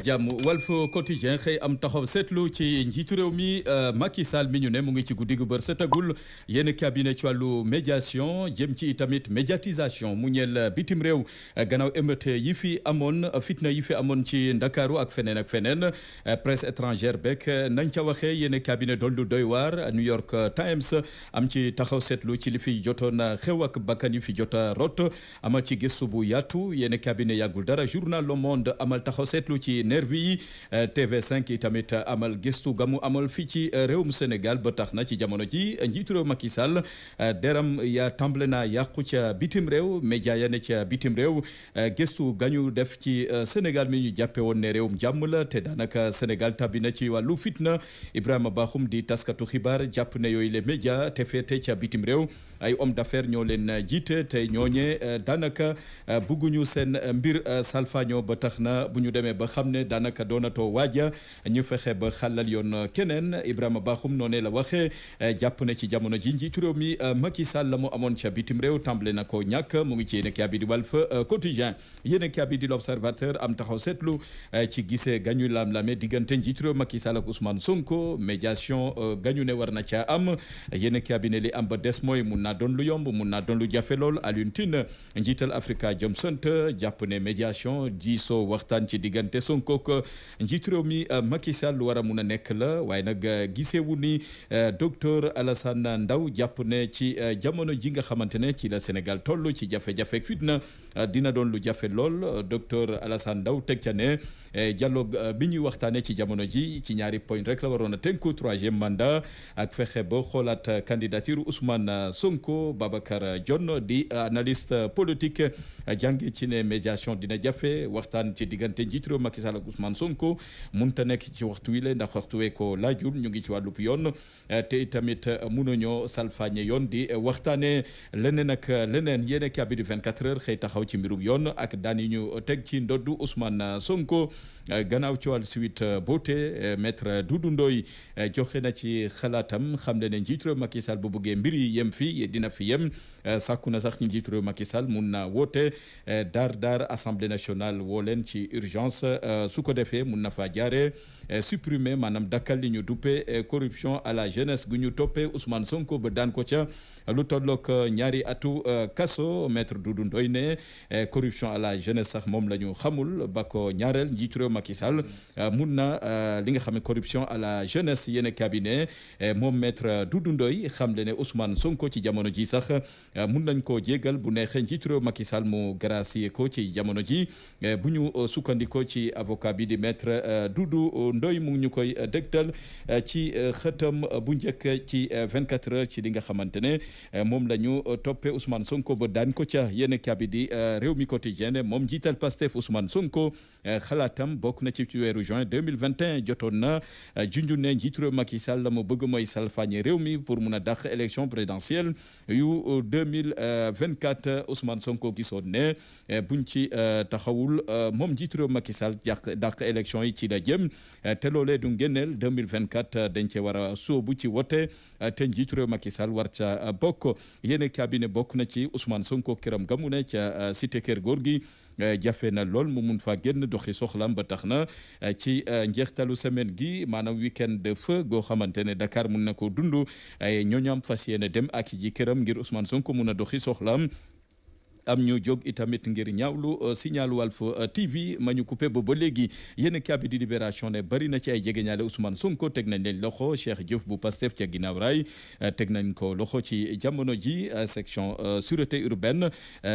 ak jàmm Walf Quotidien xëy am taxaw seetlu ci njiitu réew mi euh, Macky Sall mi ñu ne mu ngi ci guddi gu bër setagul yenn cabinet ci wàllu médiation jëm ci tamit médiatisation mu ñeel euh, bitim réew euh, gannaaw émeute yi fi amoon fitna yi fi amoon ci Ndakaaru ak feneen ak feneen presse étrangère beeg nañ ca waxee yenn cabinet doon lu doy waar New York Times am ci taxaw seetlu ci li fi jotoon xew ak bakkan yi fi jot rot amal ci gëstu bu yaatu yenn cabinet yàggul dara journal nervi yi euh, TV5 itamit amal gëstu gamu amal fii ci euh, réew mu Sénégal ba tax na ci jamono ji njiitu réew Macky Sall euh, deram ya tàmbale na yàqu ca bitim réew média ya ne ca bitim réew gëstu gañu def ci Sénégal mi ñu jàppe woon ne réewum jàmm la te daanaka Sénégal tabbi na ci wàllu fitna Ibrahima baaxum di taskatu xibaar jàpp ne yooyu les médias te féete ca bitim réew ay homme d'affaires ñoo leen jiite te ñooñee daanaka bugguñu seen mbir salfaño ba tax na bu ñu ne daanaka doonatoo waaja ñu fexe ba xalal yoon keneen Ibrahima Bakhoum noonee la waxee jàpp ne ci jamono ji njiitu réew mi Macky Sall la mu amoon ca bitim réew tàmbale na ko ñàkk mu ngi ci yéen a di Walf Quotidien yéen a di L'Observateur am taxaw seetlu ci gisee gañu lam-lame diggante njiitu réew Macky Sall ak Ousmane Sonko médiation gañu ne war na caa am yéen a ne li am ba des mooy mun naa doon lu yomb mun naa doon lu jafe lool Alioune Tine njiital Africa Jom Sant jàpp ko euh, njiitu réew mi euh, Macky Sall lu war a mun a nekk la waaye nag euh, gisewu ni docteur Alassane ndaw jàpp ne ci jamono ji nga xamante ne ci la Sénégal toll ci jafe-jafe fitna dina doon lu jafe lool docteur Alassane Ndao teg ca ne dialogue bi ñuy waxtaanee ci jamono ji ci ñaari point rek la waroon a tënku troisième mandat ak fexe ba xoolaat candidature Ousmane Sonko Babacar Dione di analyste politique jànge ci ne médiation dina jafe waxtaan ci diggante njiitu réew ak Ousmane Sonko munta nekk ci waxtu wi la ndax waxtu wee ko laajul ñu ngi ci wàllub yoon eh, te tamit eh, munuñoo salfaañe yoon di eh, waxtaane leneen ak leneen yéen a kii di xëy taxaw ci mbirum yoon ak daan yi ñu teg ci ndoddu Ousmane Sonko ganaaw ci wàllu suite boote maître du Ndoye joxe na ci xalaatam xam ne ne njiitu Macky Sall bu buggee mbir yi yem fii dina fi yem. Eh, sàkku na sax ci njiitu réew Sall mun na woote eh, daar daar assemblée nationale woo leen ci urgence eh, su ko defee mun na faa jaare supprimer maanaam dakkal li ñu duppe corruption à la jeunesse gu ñu toppee Ousmane Sonko ba daan ko ca lu tollook ñaari atu kaso maître Doudou Ndoye ne corruption à la jeunesse sax moom la ñu xamul ba ko ñaareel njiitu réew mun na li nga xam ne corruption à la jeunesse yene cabinet moom maître Doudou Ndoye xam le ne Ousmane Sonko ci jamono ji sax Euh, mun nañ koo jégal bu neexee njiitu réew Macky Sall mu gracier ko ci jamono ji euh, bu ñu euh, sukkandikoo ci avocat bi di maître Doudou Ndoye mu ñu koy dëgtal ci xëtam bu njëkk ci 24 heures ci li nga xamante ne moom la ñu toppee Ousmane Sonko ba daan ko ca yéen kabi di réew mi quotidien moom jiital Pastef Ousmane Sonko xalaatam bokk na ci weeru juin 2021 jotoon na junju ne njiitu réew Macky Sall la mu bëgg mooy salfaañe réew mi pour mun a dàq élection présidentielle yu deux mille vingt quatre Ousmane Sonko gisoon ne eh, buñ ci eh, taxawul eh, moom njiitu réew Macky Sall jàq dàq yi ci la jëm te loolee du ngénneel deux mille vingt quatre dañ cee war a sóobu ci wote te njiitu réew war ca bokk yéen cabinet bokk na ci Ousmane Sonko këram gamu ne ca cité kër góor gi. Eh, jafe na lool moo mun faa génn doxi soxlam ba tax na eh, ci eh, njeextalu semaine gi maanaam weekend de feu goo xamante ne Dakar mun na koo dund ñooñu am fas yéene dem ak ji këram ngir Ousmane ko mun a doxi soxlam am ñu jóg itamit ngir lu euh, signal Walf euh, TV ma ñu coupé ba ba léegi yenn kaabi di libération ne bari na ci ay jegeñaale Ousmane Sonko teg nañ leen loxo Cheikh Diouf bu Pastef ca ginnaaw raay euh, teg nañ ko loxo ci jamono ji section sûreté urbaine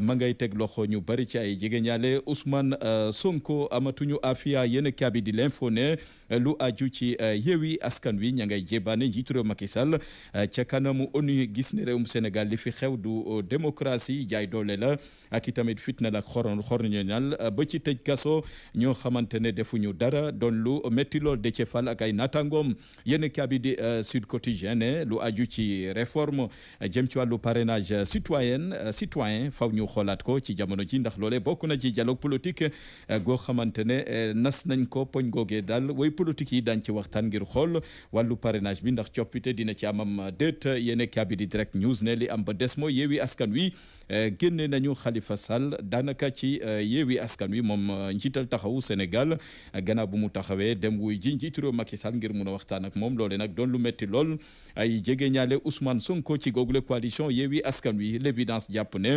ma ngay teg loxo ñu bari ci ay jegeñaale Ousmane Sonko amatuñu afia yenn kaabi di l'info ne lu aju ci yeewi askan wi ña ngay jébaane njiitu réew Macky Sall ca kanamu ONU gis ne réewum Sénégal li fi xew du démocratie jaay doole la ak itamit fitna ak xoron xorñoñal ba ci tëj kaso ñoo xamante ne defuñu dara doon lu métti lool Déthié Fall ak ay naataangoom yéen kabi di euh, Sud Quotidien ne lu aju ci réforme jëm ci wàllu parrainage citoyen citoyen faw ñu xoolaat ko ci jamono ji ndax loole bokk na ci dialogue politique goo xamante ne nas nañ ko poñ googee daal way politique yi daañ ci waxtaan ngir xool wàllu parrainage bi ndax coppite dina ci amam déet yéen kabi di Direct News ne li am ba des mooy yeewi askan wi génne nañu Khalifa Sall daanaka ci euh, yeewi askan wi moom euh, njiital taxawu Sénégal euh, gannaaw bu mu taxawee dem wuy ji njiitu réew Macky Sall ngir mun a waxtaan ak moom loole nag doon lu metti lool ay jege ñaale Ousmane Sonko ci googule coalition yeewi askan wi l'évidence jàpp ne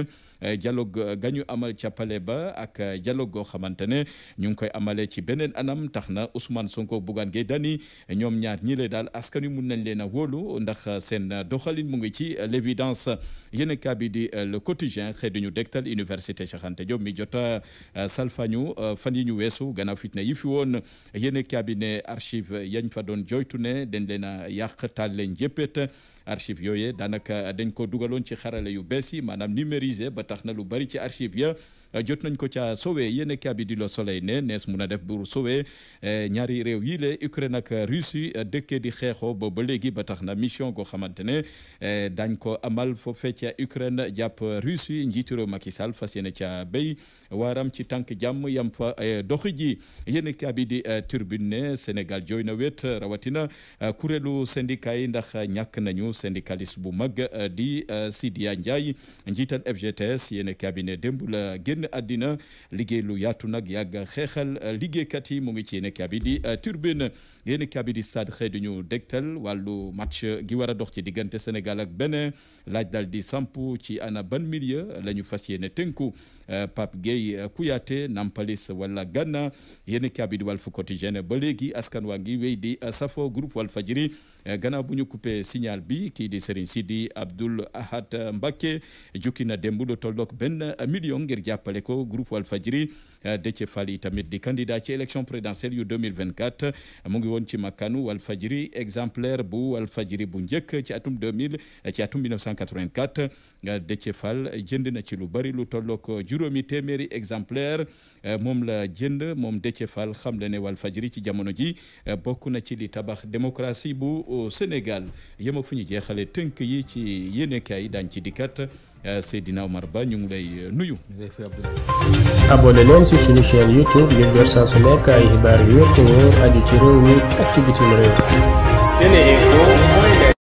dialogue gañu amal ca ba ak dialogue goo xamante ne ñu ngi koy amalee ci beneen anam tax na Ousmane Sonko Bougane Gueye Dany ñoom ñaar ñi le daal askan wi mun nañ leen a wóolu ndax seen doxalin mu ngi ci l'évidence yéen a le quotidien xëy ñu université Cheikh Anta Diop mi jota salfañu fan yi ñu weesu gannaaw fitna yi fi woon yéen cabinet archive yañ fa doon joytu ne dañ leen a yàq taal leen jëppet archive yooyee daanaka dañ ko dugaloon ci xarale yu bees yi maanaam numérisé ba tax na lu bari ci archive ya jot nañ ko ca sowe yéen a bi di Le Soleil ne nees mun a def bu sowe eh, ñaari réew yi le Ukraine ak Russie eh, dëkkee di xeexoo ba ba léegi ba tax na mission goo xamante ne eh, dañ ko amal foofee ca Ukraine jàpp Russie njiitu réew Macky Sall fas yéene ca béy waaram ci tànk jàmm yam fa doxi ji yéen a bi di Tribune ne Sénégal jooy na wet rawatina kuréelu syndicat yi ndax ñàkk nañu kàddu bu mag euh, di euh, Sidiya Ndiaye njiital FGTS yéen cabinet démb la génn àddina liggéey lu yaatu nag yàgg xeexal euh, liggéeykat yi mu ngi ci yéen kabi di Turbine yéen kabi di stade xëy di ñu dégtal wàllu match gi war a dox ci diggante Sénégal ak Benin laaj dal di samp ci ana ban milieu lañu ñu fas yéene tënku Pape Gueye Kouyaté Nampalis wala Gana yéen kabi di Walf Quotidien ba léegi askan waa ngi wéy di safo groupe Walfadjri gannaaw bu ñu coupé signal bi bi kii di Serigne Sidi Abdoul Ahad Mbacké jukki na démb lu tolloog benn million ngir jàppale ko groupe Walfadjri euh, Déthié Fall yi tamit di candidat ci élection présidentielle yu 2024 mu ngi woon ci makkanu Walfadjri exemplaire bu Walfadjri bu njëkk ci atum 2000 ci atum 1984 euh, Déthié Fall jënd na ci lu bari lu tolloog juróomi téeméeri exemplaire euh, moom la jënd moom Déthié Fall xam le ne Walfadjri ci jamono ji bokk na ci li tabax démocratie bu Sénégal yemoo fu ñu jeexale tënk yi ci yéenekaay yi daañ ci dikkat euh, Seydina Omar Ba ñu ngi lay euh, nuyu. abonné si ci suñu chaîne YouTube ngir door su nekk ay xibaar yu wér te wóor ci réew mi ak ci bitim réew.